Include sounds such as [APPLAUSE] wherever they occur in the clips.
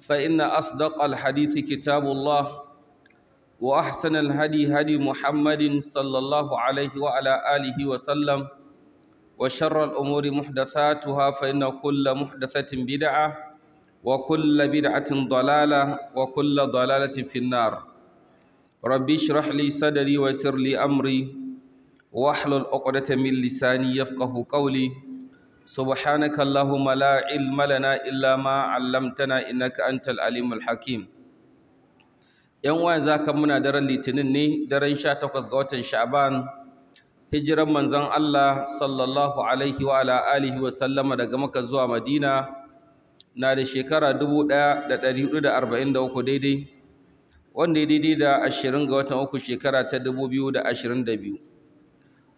فإن أصدق الحديث كتاب الله وأحسن الهدي هدي محمد صلى الله عليه وعلى آله وسلم وشر الأمور محدثاتها فإن كل محدثة بدعة وكل بدعة ضلالة وكل ضلالة في النار ربي اشرح لي صدري ويسر لي أمري واحلل عقدة من لساني يفقه قولي سبحانك اللهم لا علم لنا إلا ما علمتنا إنك أنت العليم الحكيم yan uwa za ka muna daren litinin ne daren sha takwas ga watan sha'ban hijiran manzon Allah sallallahu alaihi wa ala alihi wa sallama daga maka zuwa madina na da shekara dubu ɗaya da da da hudu arba'in uku daidai wanda ya daidai da ashirin ga watan uku shekara ta dubu biyu da da ashirin biyu.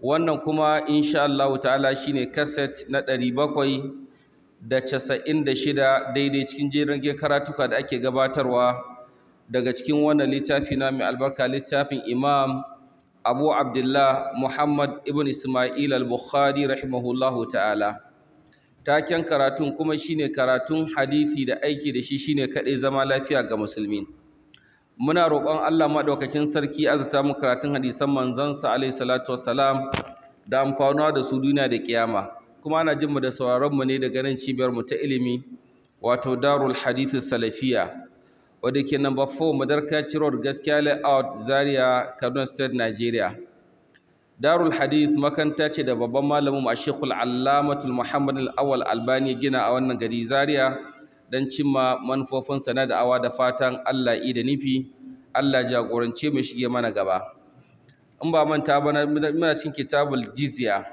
wannan kuma insha Allah ta'ala shine kaset na 796 daidai cikin jerin karatuka da ake gabatarwa daga cikin wannan littafi na mai albarka littafin Imam Abu Abdullah Muhammad ibn Ismail al-Bukhari rahimahullahu ta'ala taken karatun kuma shine karatun hadisi da aiki da shi shine kadai zama lafiya ga musulmi muna roƙon Allah maɗaukakin sarki azurta mu karatun hadisan manzansa alaihi salatu wassalam da amfanuwa da su duniya da kiyama kuma ana jin mu da sauraron mu ne daga nan cibiyar mu ta ilimi wato Darul Hadith Salafiya wanda ke number 4 madarka Road Gaskiya Layout Zaria Kaduna State Nigeria Darul Hadith makanta ce da babban malamin mu Sheikhul Allamatul Muhammad Awal awwal Albani gina a wannan gari Zaria don cimma manufofinsa na da'awa da fatan Allah yi da nufi Allah jagorance mu shige mana gaba in ba manta ba muna cikin kitabul jizya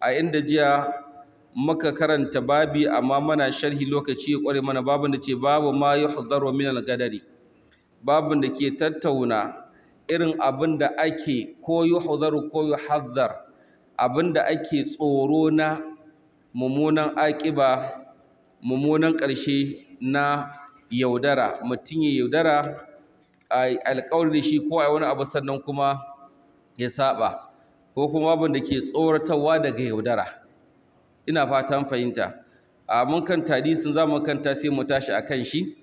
a inda jiya muka karanta babi amma muna sharhi lokaci ya kware mana babin da ce babu ma yuhdaru min al-gadari babin da ke tattauna irin abin da ake ko yuhdaru ko yuhaddar abin da ake tsoro na mummunan aƙiba mummunan ƙarshe na yaudara mutum ya yaudara a alƙawari da shi ko a wani abu sannan kuma ya saba ko kuma abin da ke tsoratarwa daga yaudara ina fatan fahimta a mun kan sun za mu kanta sai mu tashi akan shi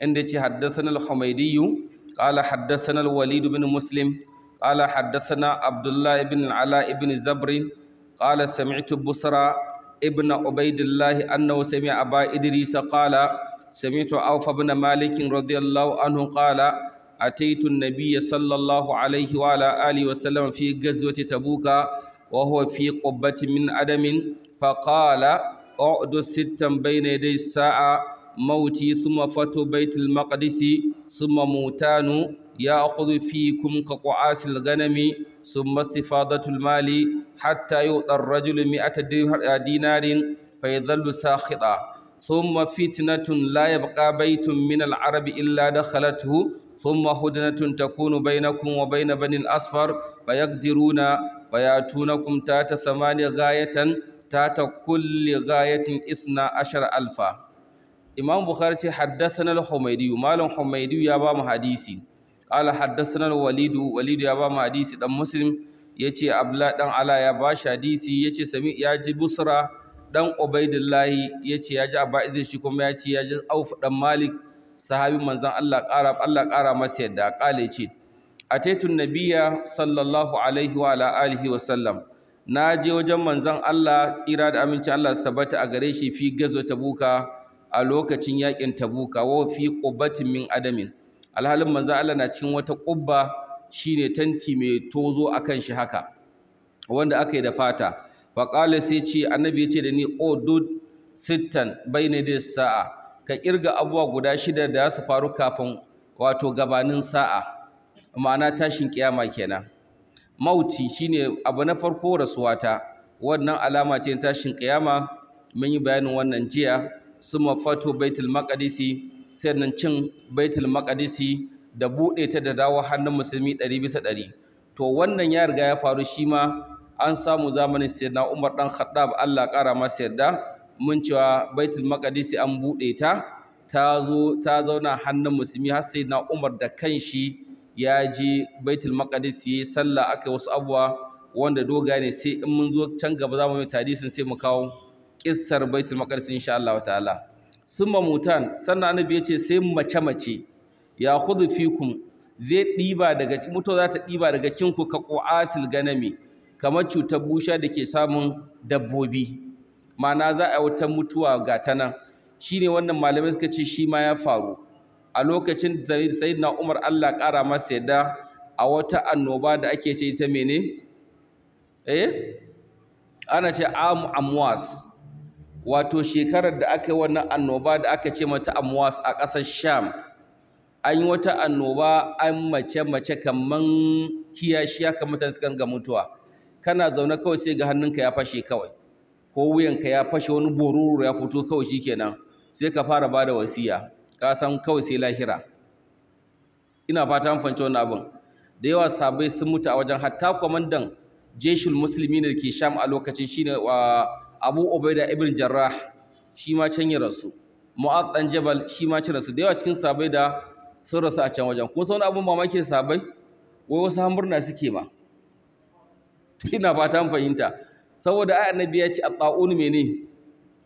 inda ce haddathana al-humaydi qala haddathana al-walid ibn muslim qala haddathana abdullah ibn al-ala ibn zabr qala sami'tu busra ابن عبيد الله أنه سمع أبا إدريس قال سمعت عوف بن مالك رضي الله عنه قال أتيت النبي صلى الله عليه وعلى آله وسلم في غزوة تبوك وهو في قبة من أدم فقال أعد ستا بين يدي الساعة موتي ثم فتو بيت المقدس ثم موتان ya akhudu fikum ka qu'asil ganami summa istifadatul mali hatta yu'ta ar-rajul mi'ata dinarin fa yadhallu sakhita thumma fitnatun la yabqa baytun min al-arabi illa dakhalathu thumma hudnatun takunu bainakum wa bayna bani al-asfar fa yaqdiruna wa yatunakum tata thamani ghayatan tata kulli ghayatin ithna ashara alfa Imam Bukhari ce haddathana al-Humaydi malam Humaydi ya ba mu hadisi qala haddathana al-walid walid ya ba mu hadisi dan muslim yace abla dan ala ya ba shi hadisi yace sami ya ji busra dan ubaidillahi yace ya ji abaidiz shi kuma yace ya ji auf dan malik sahabi manzon Allah Allah ƙara masa yadda kale ce ataitun nabiyya sallallahu alaihi wa ala alihi wa sallam na je wajen manzon Allah tsira da aminci Allah su tabbata a gare shi fi gazo tabuka a lokacin yakin tabuka wa fi qubatin min adamin alhalin manzo Allah na cikin wata kubba shine tanti mai tozo akan shi haka wanda aka yi da fata fa sai ce annabi ya ce da ni o dud sittan ne da sa'a ka kirga abuwa guda shida da su faru kafin wato gabanin sa'a ma'ana tashin kiyama kenan mauti shine abu na farko rasuwata wannan alama ce tashin kiyama mun yi bayanin wannan jiya su mafato baitul maqdisi sannan cin baitul maqdisi da buɗe ta da dawo hannun musulmi ɗari bisa ɗari to wannan ya riga ya faru shi ma an samu zamanin sayyidina Umar dan Khattab Allah ƙara masa yarda mun cewa baitul maqdisi an buɗe ta ta ta zauna hannun musulmi har sayyidina Umar da kanshi ya je baitul maqdis yayi sallah aka wasu abuwa wanda doga ne sai in mun zo can gaba za mu yi sai mu kawo ƙissar baitul maqdis insha Allah ta'ala Sun mutan sannan annabi ce sai mace mace ya khudhu fikum zai diba daga muto za ta diba daga cinku ka qu'asil ganami kamar cutar busha da ke samun dabbobi Mana za a wata mutuwa ga ta nan shine wannan malamai suka ce shi ma ya faru a lokacin sayyidina Umar Allah kara masa yadda a wata annoba da ake ce ita mene eh ana ce amu amwas wato shekarar da aka yi wannan annoba da aka ce mata amwas a ƙasar sham an yi wata annoba an mace-mace kamar kiyashi, kamar ta ga mutuwa kana zaune kawai sai ga hannunka ya fashe kawai ko wuyanka ya fashe wani bororo ya fito kawai shikenan sai ka fara ba da wasiya ka san kawai sai lahira ina fata an wani wannan abin da yawa sabai sun mutu a wajen hatta kwamandan jeshul musulmi ne da ke sham a lokacin shine wa ah, abu obaida ibn jarrah shi ma can ya rasu mu'ad dan jabal shi ma can rasu da yawa cikin sabai da sun rasu a can wajen kuma sauran abun mamaki sabai wai wasu hamburna suke ma [LAUGHS] ina ba ta fahimta saboda ai annabi ya ce at-ta'un mene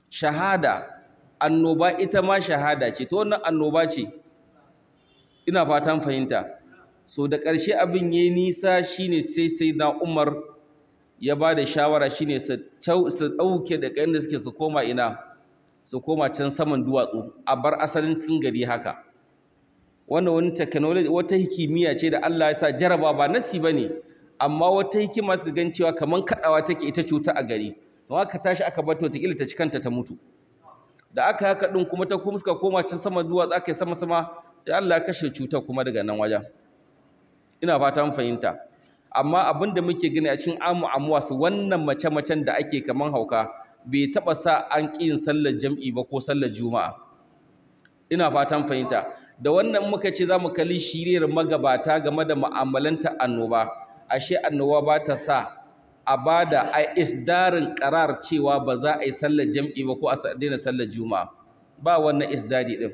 shahada annoba ita ma shahada ce to wannan annoba ce ina fatan fahimta so da ƙarshe abin yayi nisa shine sai sai na Umar ya ba da shawara shine su ɗauke da ƙayan da suke su koma ina su koma can saman duwatsu a bar asalin cikin gari haka wannan wani technology wata hikimiyya ce da Allah ya sa jaraba ba nasi ba ne, amma wata hikima suka gan cewa kamar kaɗawa take ita cuta a gari don aka tashi aka bar ta kila ta ci kanta ta mutu da aka haka ɗin kuma ta kuma suka koma can saman duwatsu aka yi sama sama sai Allah ya kashe cutar kuma daga nan wajen ina fata fahimta amma abin da muke gani a cikin amu wasu wannan mace-macen da ake kaman hauka bai taɓa sa an ƙi yin sallar jam'i ba ko sallar juma'a ina fatan fahimta da wannan muka ce za mu kalli shirin magabata game da mu'amalanta annoba ashe annoba ba ta sa a ba da a isdarin karar cewa ba za a yi sallar jam'i ba ko a daina sallar juma'a ba wannan isdari ɗin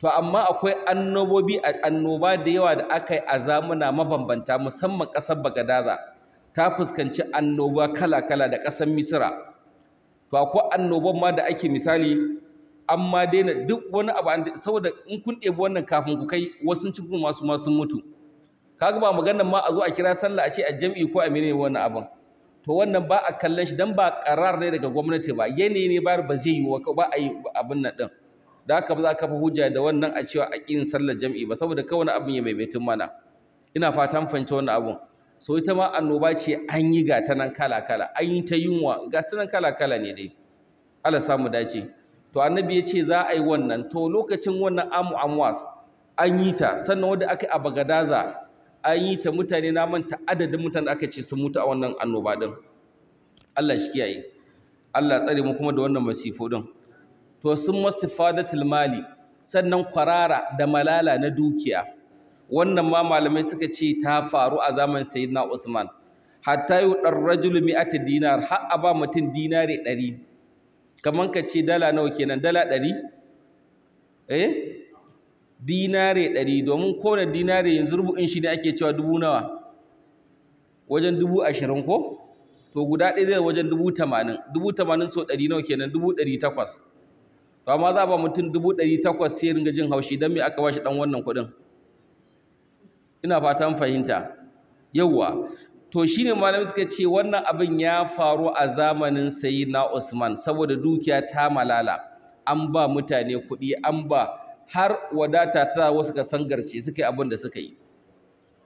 to amma akwai annobobi a annoba da yawa da aka yi a zamuna mabambanta musamman ƙasar bagadaza ta fuskanci annoba kala-kala da ƙasar misira to akwai annoban ma da ake misali an daina duk wani abu saboda in kun ɗebi wannan kafin ku kai wasu cikin masu masu mutu kaga ba maganar ma a zo a kira sallah a ce a jam'i ko a mene wannan abin to wannan ba a kallon shi dan ba karar ne daga gwamnati ba yanayi ne ba ba zai yi ba a yi abin nan ɗin. da haka ba za ka fi hujja da wannan a cewa a sallar jam'i ba saboda kawai wani abin ya maimaitun mana ina fatan fahimci wannan abun so ita ma annoba ce an yi ga ta nan kala kala an yi ta yunwa ga su nan kala kala ne dai Allah samu dace to annabi ya ce za a yi wannan to lokacin wannan amu amwas an yi ta sannan wanda aka yi a bagadaza an yi ta mutane na manta adadin mutane aka ce sun mutu a wannan annoba din Allah shi kiyaye Allah tsare mu kuma da wannan masifo din to sun masu fadatul mali sannan kwarara da malala na dukiya wannan ma malamai suka ce ta faru a zaman sayyidina Usman hatta yu dar rajul mi'ata dinar har a ba mutum dinare ɗari kamar ka ce dala nawa kenan dala ɗari? eh dinare ɗari domin kowane dinare yanzu rubu'in shi ne ake cewa dubu nawa wajen dubu ashirin ko to guda ɗaya zai wajen dubu tamanin dubu tamanin so ɗari nawa kenan dubu ɗari takwas to amma za ba mutum dubu ɗari takwas sai ringa jin haushi don me aka washe ɗan wannan kuɗin ina fatan fahimta yawwa to shine malami suka ce wannan abin ya faru a zamanin sayi na Usman saboda dukiya ta malala an ba mutane kuɗi an ba har wadata ta wasu ka sangarce suka yi abin da suka yi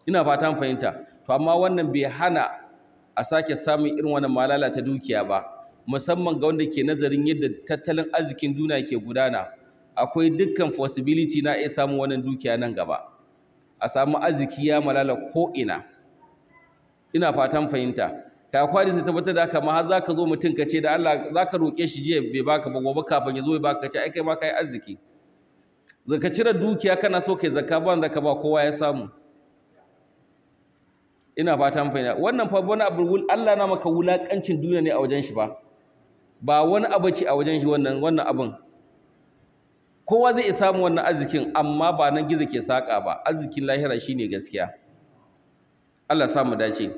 ina fatan fahimta to amma wannan bai hana a sake samun irin wannan malala ta dukiya ba musamman ga wanda ke nazarin yadda tattalin arzikin duniya ke gudana akwai dukkan possibility na iya samun wannan dukiya nan gaba a samu arziki ya malala ko'ina ina fatan fahimta ka kwari sai tabbatar da kama har zaka zo mutum ka ce da Allah zaka roƙe shi jiya bai baka ba gobe kafin ya zo ya baka ka ce ai kai ma kai arziki zaka cire dukiya kana so kai zakka ba zaka ba kowa ya samu ina fatan fahimta wannan fa wani abu Allah na maka wulakancin duniya ne a wajen shi ba ba wani abu ce a wajen shi wannan wannan abin kowa zai mu wannan arzikin amma ba nan gizo ke saka ba arzikin lahira shine gaskiya Allah sa mu dace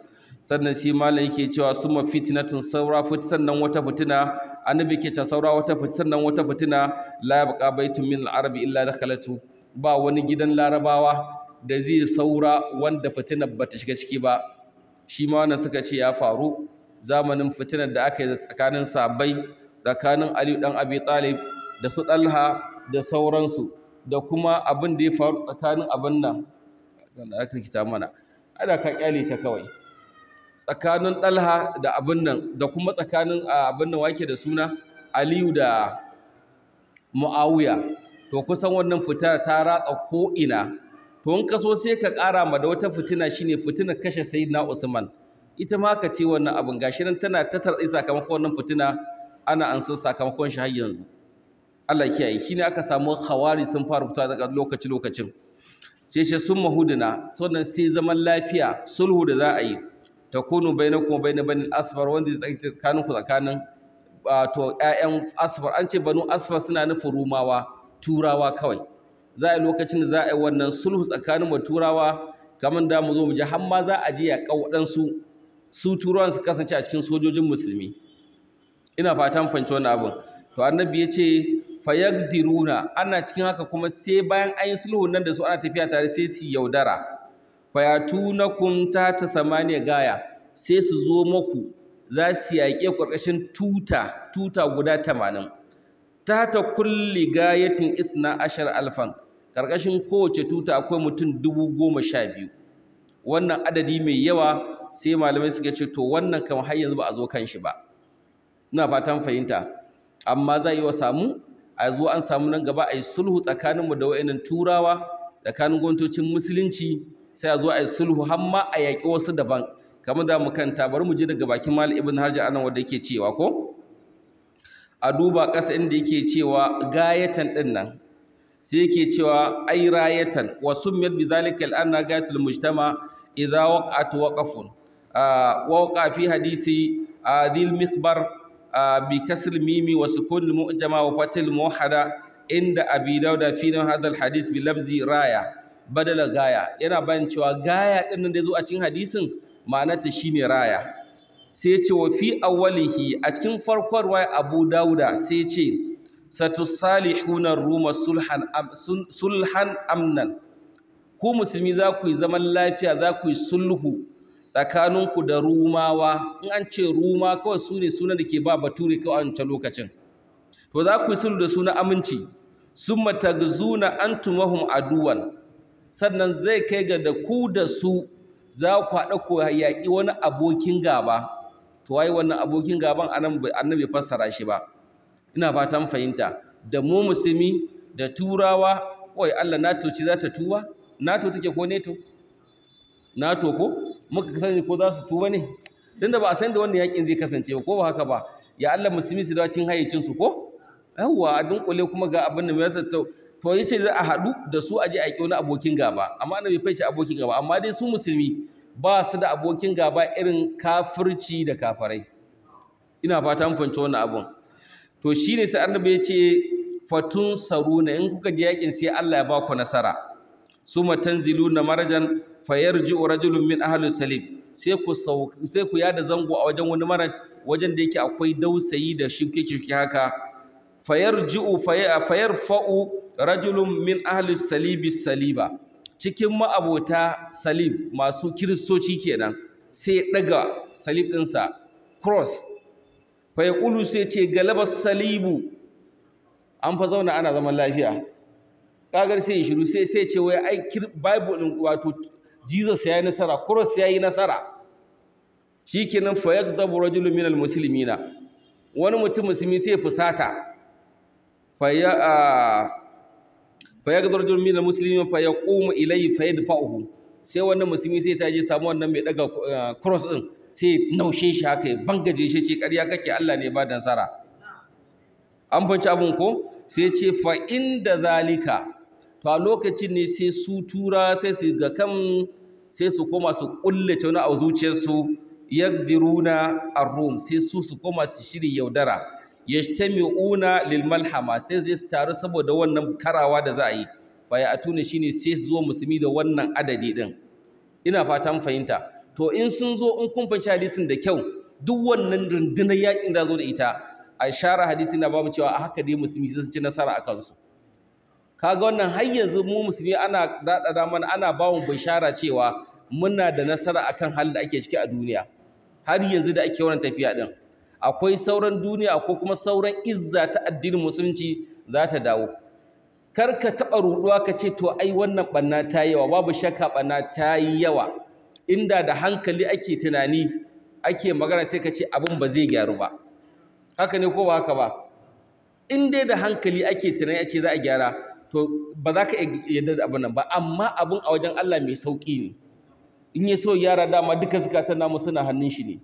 sannan sai malam yake cewa summa fitnatun saura fit sannan wata fitina annabi ke ta saura wata fitina sannan wata fitina la yabqa baitun min al-arabi illa dakhalatu ba wani gidan larabawa da zai saura wanda ba bata shiga ciki ba shi ma wannan suka ce ya faru zamanin fitinar da aka yi tsakanin sabai tsakanin aliyu dan abi talib da su ɗalha da sauransu da kuma abin da ya faru tsakanin abin nan da aka kita mana ana ka kyale ta kawai tsakanin ɗalha da abin nan da kuma tsakanin abin nan wake da suna aliyu da mu'awiya to kusan wannan fitar ta ratsa ko'ina to in ka so sai ka ƙara ma da wata fitina shine fitinar kashe sayyidina usman ita ma ka ce wannan abin gashi nan tana ta tartsi sakamakon wannan fitina ana an san sakamakon shi har yanzu Allah kiyaye shine aka samu khawari sun fara fitowa daga lokaci lokacin sai shi sun mahuduna sannan sai zaman lafiya sulhu da za a yi takunu bainakum bain banil asfar wanda zai tsakanin ku tsakanin to ƴaƴan asfar an ce banu asfar suna nufin rumawa turawa kawai za a yi lokacin da za a yi wannan sulhu tsakanin mu turawa kamar da mu zo mu ji har ma za a je ya kau ɗansu su turuwan su kasance a cikin sojojin musulmi ina fatan fanci wani abin to annabi ya ce fayagdiruna ana cikin haka kuma sai bayan an yi sulhu nan da su ana tafiya tare sai su yaudara Fayatu na ta ta samaniya gaya sai su zo maku za su yaƙe ƙarƙashin tuta tuta guda tamanin ta ta kulli gayatin isna ashar alfan ƙarƙashin kowace tuta akwai mutum dubu goma sha biyu wannan adadi mai yawa sai malamai suka ce to wannan kam har yanzu ba a zo kan shi ba ina fatan fahimta amma za a yi wa samu a zo an samu nan gaba a yi sulhu tsakaninmu da wa'annan turawa tsakanin gwamnatocin musulunci sai a zo a yi sulhu har ma a yaƙi wasu daban kamar da mu kanta bari mu je daga bakin mal ibn hajar anan wanda yake cewa ko a duba kasa inda yake cewa gayatan din nan sai yake cewa ai rayatan wa summiyat bi zalika al-anna gayatul mujtama idza waqa'at waqafun ووقع في حديث ذي المخبر بكسر الميم وسكون المؤجمة وفتح الموحدة عند أبي داود في هذا الحديث بلفظ راية بدل غاية yana bayan cewa gaya din nan da zo a cikin hadisin ma'anarta shine raya sai ce wa fi awwalihi a cikin farkon waya Abu Dawuda sai ce satusalihuna ruma sulhan am, sulhan amnan ku musulmi za ku yi zaman lafiya za ku yi sulhu tsakaninku da rumawa in an ce ruma kawai su ne sunan da ke ba bature kawai an lokacin to za ku yi sulhu da su aminci summa tagzuna antum wahum aduwan sannan zai kai ga da ku da su za ku haɗa ko yaƙi wani abokin gaba to wai wannan abokin gaban annabi fassara shi ba ina fatan fahimta da mu musulmi da turawa wai Allah NATO ci za ta tuba NATO take ko na NATO ko muka sani ko za su tuba ne tunda ba a san da wannan yakin zai kasance ko ba haka ba ya Allah musulmi su dawo cin hayyacin su ko yawwa a dunkule kuma ga abin da mai yasa to to yace za a haɗu da su aje a kiyo na abokin gaba amma annabi fa yace abokin gaba amma dai su musulmi ba su da abokin gaba irin kafirci da kafarai ina fata mun fahimci wannan abun to shine sai annabi yace fatun na, in kuka je yakin sai Allah ya ba ku nasara su suma na marajan fayarji'u rajulun min ahli salim sai ku yada zango a wajen wani mara wajen da yake akwai dausayi da shuke shuke haka Fayar fa'u rajulun min ahli salibi saliba cikin ma'abota salib masu kiristoci kenan sai daga salib ɗinsa cross fayaqulu sai ce galabar salibu an fa zauna ana zaman lafiya kagar sai shiru sai sai ce wai ai bible din wato jesus ya yi nasara cross ya yi nasara shi kenan fa yagdabu rajulu min almuslimina wani mutum musulmi sai fusata fa ya fa yagdabu rajulu min almuslimina fa yaqumu ilayhi fa sai wannan musulmi sai ta je samu wannan mai daga eh, cross din sai naushe shi haka ya bangaje shi ce ƙarya kake Allah ne ba da nasara an fanci abin ko sai ce fa inda zalika to a lokacin ne sai su tura sai su ga kan sai su koma su kulle tauna a zuciyarsu yaqdiruna ar-rum sai su su koma su shiri yaudara yajtami'una lil malhama sai su taru saboda wannan karawa da za a yi baya atuna shine sai su zo musulmi da wannan adadi din ina fatan fahimta to in sun zo in kun fanci hadisin da kyau duk wannan rundunar yakin da zo da ita a shara hadisi na babu cewa a haka dai musulmi su ci nasara a kansu kaga wannan har yanzu mu musulmi ana daɗaɗa mana ana ba mu bishara cewa muna da nasara akan halin da ake ciki a duniya har yanzu da ake wannan tafiya ɗin. akwai sauran duniya ko kuma sauran izza ta addinin musulunci za ta dawo kar ka taɓa ruɗuwa ka ce to ai wannan ɓanna ta yi yawa babu shakka ɓanna ta yi yawa inda da hankali ake tunani ake magana sai ka ce abin ba zai gyaru ba haka ne ko ba haka ba in dai da hankali ake tunani a ce za a gyara to ba za ka yadda da abin nan ba amma abin a wajen Allah mai sauƙi ne in ya so yara dama duka zukatan namu suna hannun shi ne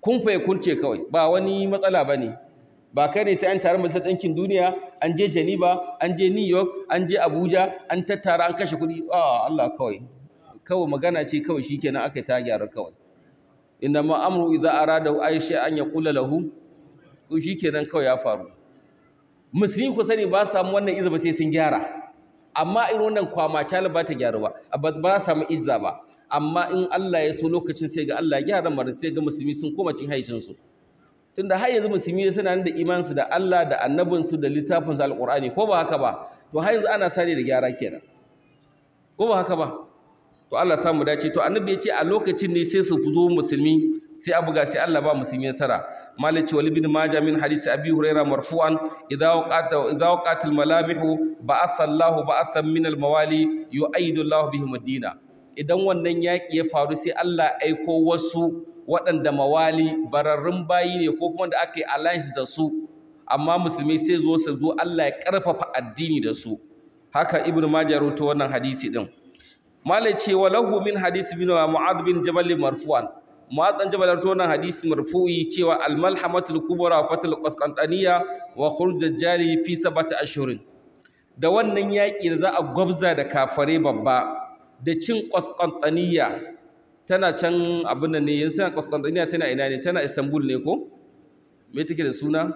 kun fa kunce kawai ba wani matsala ba ne ba kai ne sai an tare majalisar ɗinkin duniya an je Geneva an je New York an je Abuja an tattara an kashe kuɗi a Allah kawai kawai magana ce kawai shikenan aka ta gyara kawai inda ma amru idza arada aisha an yaqula lahu shi shikenan kawai ya faru musulmi ku sani ba su samu wannan izza ba sai sun gyara amma in wannan cala ba ta gyaru ba ba samu izza ba amma in Allah ya so lokacin sai ga Allah ya gyara mar sai ga musulmi sun koma cikin su tunda har yanzu musulmi suna nan da imansu da Allah da su da littafin su alƙur'ani ko ba haka ba to har yanzu ana sani da gyara kenan ko ba haka ba to Allah samu dace to annabi ya ce a lokacin ne sai su fito musulmi sai abuga sai Allah ba musulmi nasara مالك والابن ماجه من حديث أبي هريرة مرفوعا إذا وقعت إذا وقعت الملامح بعث الله بعثا من الموالي يؤيد الله بهم الدين idan wannan yaki ya faru sai Allah aiko wasu waɗanda mawali bararrun bayi ne ko kuma da aka yi alliance da su amma musulmi sai zo su zo Allah ya karfafa addini da su haka ibnu majah rawaito wannan hadisi din malai ce walahu min hadisi bin mu'adh bin jabal marfu'an muwatsan jabalar rawaito hadisi marfu'i cewa almalhamatul malhamatul kubra fatul qasqantaniya wa khurujul jali fi sabati ashhurin da wannan yaki da za a gwabza da kafare babba da cin qasqantaniya tana can abin nan ne yanzu tana qasqantaniya tana ina ne tana istanbul ne ko me take da suna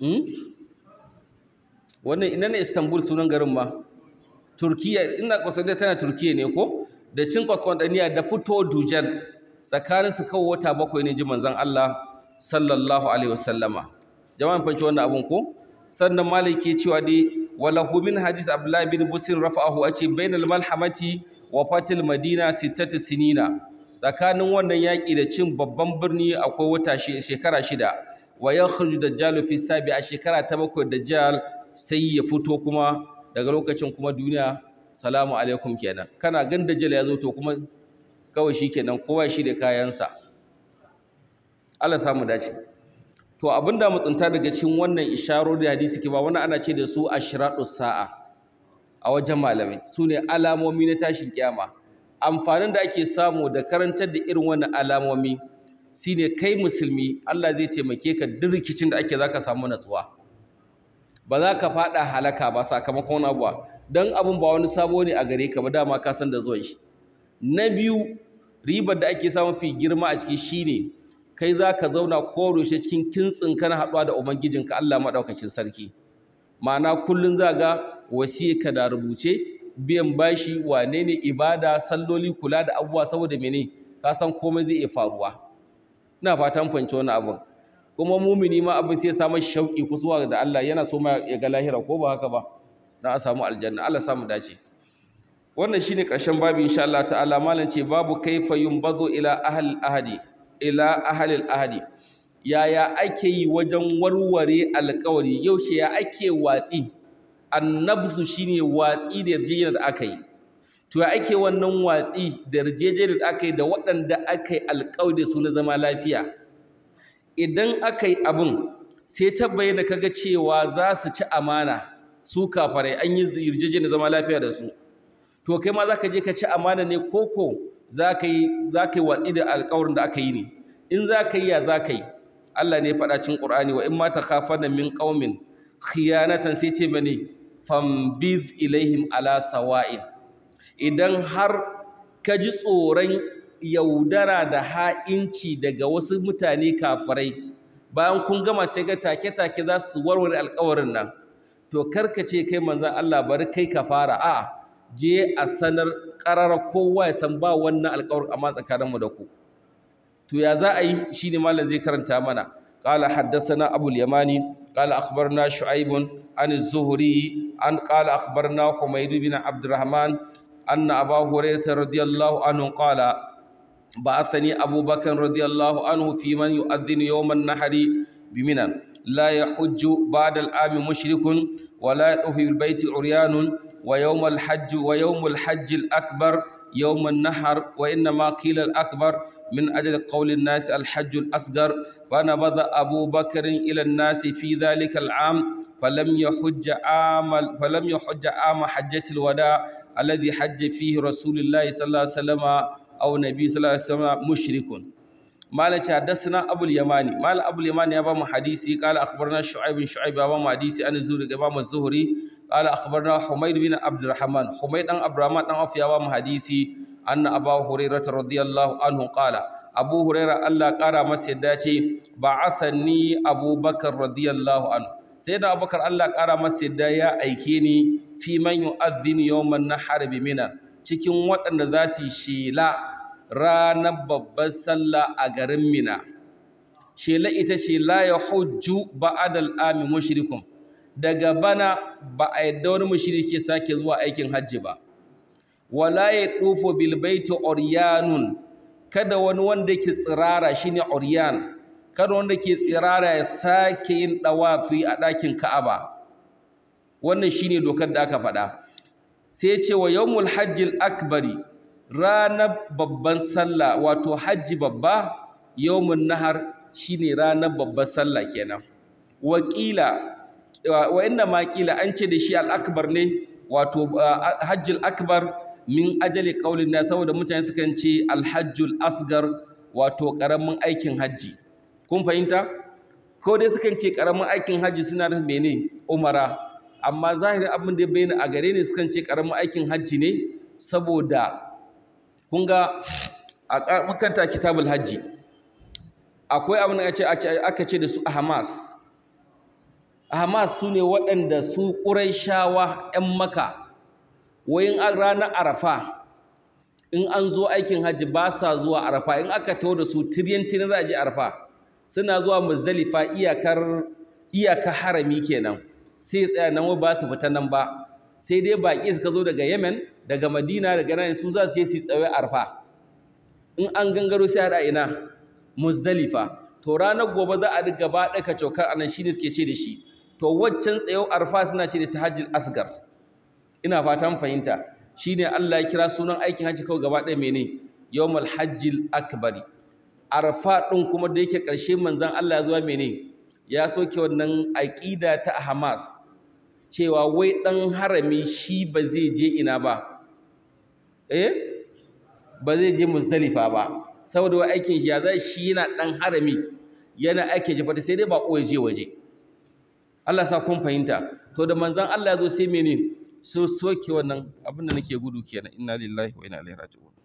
hmm? wannan ina ne istanbul sunan garin ma turkiya ina qasqantaniya tana turkiya ne ko da cin daniya da fito dujal tsakaninsu kawo wata bakwai ne ji manzan Allah sallallahu alaihi wasallama jama'an fanci wannan abun ko sannan maliki cewa dai walahu min hadis abdullahi bin busir rafa'ahu ace bainal malhamati wa fatil madina sittati sinina tsakanin wannan yaƙi da cin babban birni akwai wata shekara shida wa yakhruju dajjalu fi sabi a shekara ta bakwai da dajjal sai ya fito kuma daga lokacin kuma duniya salamu alaikum kenan kana gan dajjal ya zo to kuma kawai shi kenan kowa shi da kayansa Allah samu dace to abinda mu tsinta daga cikin wannan isharo da hadisi ke ba wani ana ce da su ashratu sa'a a wajen malamai su alamomi na tashin kiyama amfanin da ake samu da karantar da irin wannan alamomi shine kai musulmi Allah zai taimake ka duk rikicin da ake zaka samu natsuwa ba za ka fada halaka ba sakamakon abuwa don abin ba wani sabo ne a gare ka ba dama ka san da zuwan shi na biyu ribar da ake samun fi girma a ciki ne. kai za ka zauna koroshe cikin kintsin kana haɗuwa da ubangijinka Allah maɗaukakin sarki ma'ana kullum za ga ka da rubuce biyan bashi wane ne ibada salloli kula da abubuwa saboda mene ka san komai zai iya faruwa ina fatan fahimci wani abin kuma mumini ma abin sai ya samu shauƙi kusuwa da Allah yana so ma ya ga lahira ko ba haka ba don a samu aljanna Allah samu dace wannan shine karshen babu insha Allah ta'ala malam ce babu kaifa yumbazu ila ahli ahadi ila ahli ahadi yaya ake yi wajen warware alƙawari yaushe ya ake watsi annabzu shine watsi da yarjejeniyar da aka yi to ya ake wannan watsi da yarjejeniyar da aka yi da waɗanda aka yi alƙawari su na zama lafiya idan aka yi abin sai ta bayyana kaga cewa za su ci amana su kafarai an yi da zama lafiya da su to kai ma zaka je ka ci amana ne koko zaka yi zaka yi watsi da alƙawarin da aka yi ne in zaka yi ya zaka yi Allah ne faɗa cikin Qur'ani wa in ma khafana min qaumin khiyanatan sai ce bane fambiz ilaihim ala sawa'in idan har ka ji tsoron yaudara da ha'inci daga wasu mutane kafarai, bayan kun gama sai ga take-take za su warware alƙawarin nan to kar ka ce kai manzan Allah bari kai ka fara A'a je a sanar ƙarar kowa ya san ba wannan alƙawar amma tsakaninmu da ku to ya za a yi shine malam zai karanta mana qala haddathana abul yamani qala akhbarna shu'aibun an zuhri an qala akhbarna humayd bin abdurrahman anna aba hurairah radiyallahu anhu qala ba'athani abubakar radiyallahu anhu fi man yu'adhdhinu yawm biminan لا يحج بعد العام مشرك ولا يطوف بالبيت عريان ويوم الحج ويوم الحج الأكبر يوم النحر وإنما قيل الأكبر من أجل قول الناس الحج الأصغر فنبض أبو بكر إلى الناس في ذلك العام فلم يحج عام فلم يحج عام حجة الوداع الذي حج فيه رسول الله صلى الله عليه وسلم أو نبي صلى الله عليه وسلم مشرك malam ce haddathana abul yamani ya ba mu hadisi qala akhbarna shu'aib bin shu'aib ya ba mu hadisi an zuri ga ba mu zuhri qala akhbarna humayd bin abdurrahman humayd dan abdurrahman dan afiya ba mu hadisi anna abu hurairah radiyallahu anhu qala abu huraira allah ƙara masa yadda ce ba asani abubakar radiyallahu anhu sai da abubakar allah ƙara masa yadda ya aike ni fi man yu'adhdhin na harbi bi cikin waɗanda za su shela ranar babban sallah a garin mina shela ita ce la ya hujju ba'adal ami mushrikun daga bana ba a yadda wani mushriki sake zuwa aikin hajji ba wala ya tufo bilbaiti oryanun kada wani wanda ke tsirara shi ne oryan kada wanda ke tsirara ya sake yin dawafi a ɗakin ka'aba wannan shi ne dokar da aka faɗa sai ce wa yawmul hajjil akbari ranar babban sallah wato hajji babba yawmun nahar shine ranar babban sallah kenan wakila wa inna ma kila an ce da shi al-akbar ne wato hajjul akbar min ajali kaulin na saboda mutane sukan ce al-hajjul asgar wato karamin aikin hajji kun fahimta ko dai sukan ce karamin aikin hajji suna da mene umara amma zahirin abin da ya bayyana a gare ne sukan ce karamin aikin hajji ne saboda kun ga a makanta kitabul hajji akwai abin da aka ce da su hamas hamas su ne waɗanda su ƙurai shawa 'yan maka wayin ranar arafa in an zo aikin hajji ba sa zuwa arafa in aka taho da su za a ji arafa suna zuwa muzdalifa iyakar iyakar harami kenan sai tsaya nan ba su fita nan ba sai dai baƙi suka zo daga yemen daga madina daga nan su za su je su tsawe arfa in an gangaro sai hada ina muzdalifa to ranar gobe za a riga ba daka cokar anan shi ne suke ce da shi to waccan tsayo arfa suna ce da ta hajjil asgar ina fatan fahimta shine Allah ya kira sunan aikin hajji kawai gaba ɗaya mene yawmal hajjil akbari arfa ɗin kuma da yake ƙarshe manzan Allah ya zuwa mene ya soke wannan aƙida ta Hamas cewa wai ɗan harami shi ba zai je ina ba eh ba zai je muzdalifa ba saboda wa aikin shi ya za shi yana dan harami yana aikin fata sai dai ba ya je waje Allah sa kun fahimta to da manzon Allah ya zo sai menene so soke wannan abin da nake gudu kenan inna lillahi wa inna ilaihi raji'un